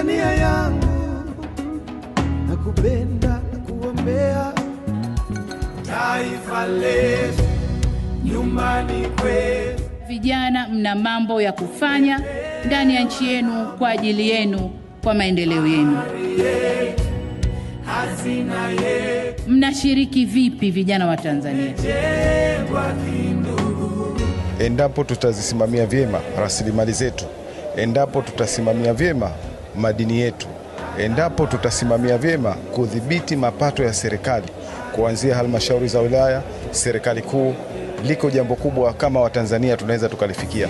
Tanzania yangu, nakupenda na kuombea taifa letu, nyumbani kwetu. Vijana, mna mambo ya kufanya ndani ya nchi yenu, kwa ajili yenu, kwa maendeleo yenu. Mnashiriki vipi vijana wa Tanzania? Endapo tutazisimamia vyema rasilimali zetu, endapo tutasimamia vyema madini yetu. Endapo tutasimamia vyema kudhibiti mapato ya serikali kuanzia halmashauri za wilaya, serikali kuu, liko jambo kubwa kama Watanzania tunaweza tukalifikia.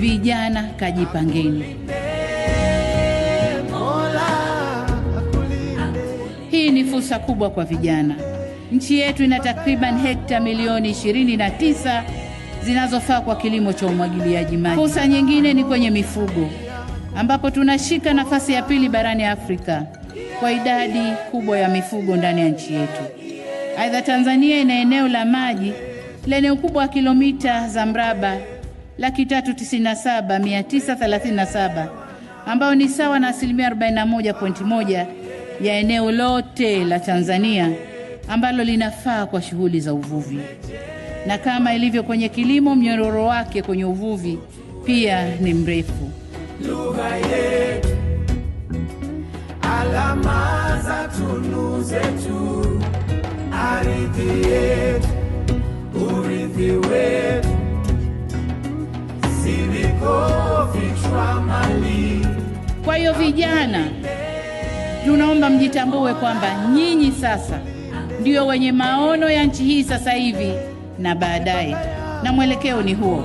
Vijana kajipangeni. Hii ni fursa kubwa kwa vijana. Nchi yetu ina takriban hekta milioni 29 zinazofaa kwa kilimo cha umwagiliaji maji. Fursa nyingine ni kwenye mifugo ambapo tunashika nafasi ya pili barani Afrika kwa idadi kubwa ya mifugo ndani ya nchi yetu. Aidha, Tanzania ina eneo la maji lenye ukubwa wa kilomita za mraba laki tatu tisini na saba mia tisa thelathini na saba ambayo ni sawa na asilimia 41.1 ya eneo lote la Tanzania ambalo linafaa kwa shughuli za uvuvi na kama ilivyo kwenye kilimo, mnyororo wake kwenye uvuvi pia ni mrefu. Lugha yetu, alama za tunu zetu, ardhi yetu, urithi wetu, zilikofichwa mali. Kwa hiyo vijana, tunaomba mjitambue kwamba nyinyi sasa ndio wenye maono ya nchi hii sasa hivi na baadaye, na mwelekeo ni huo.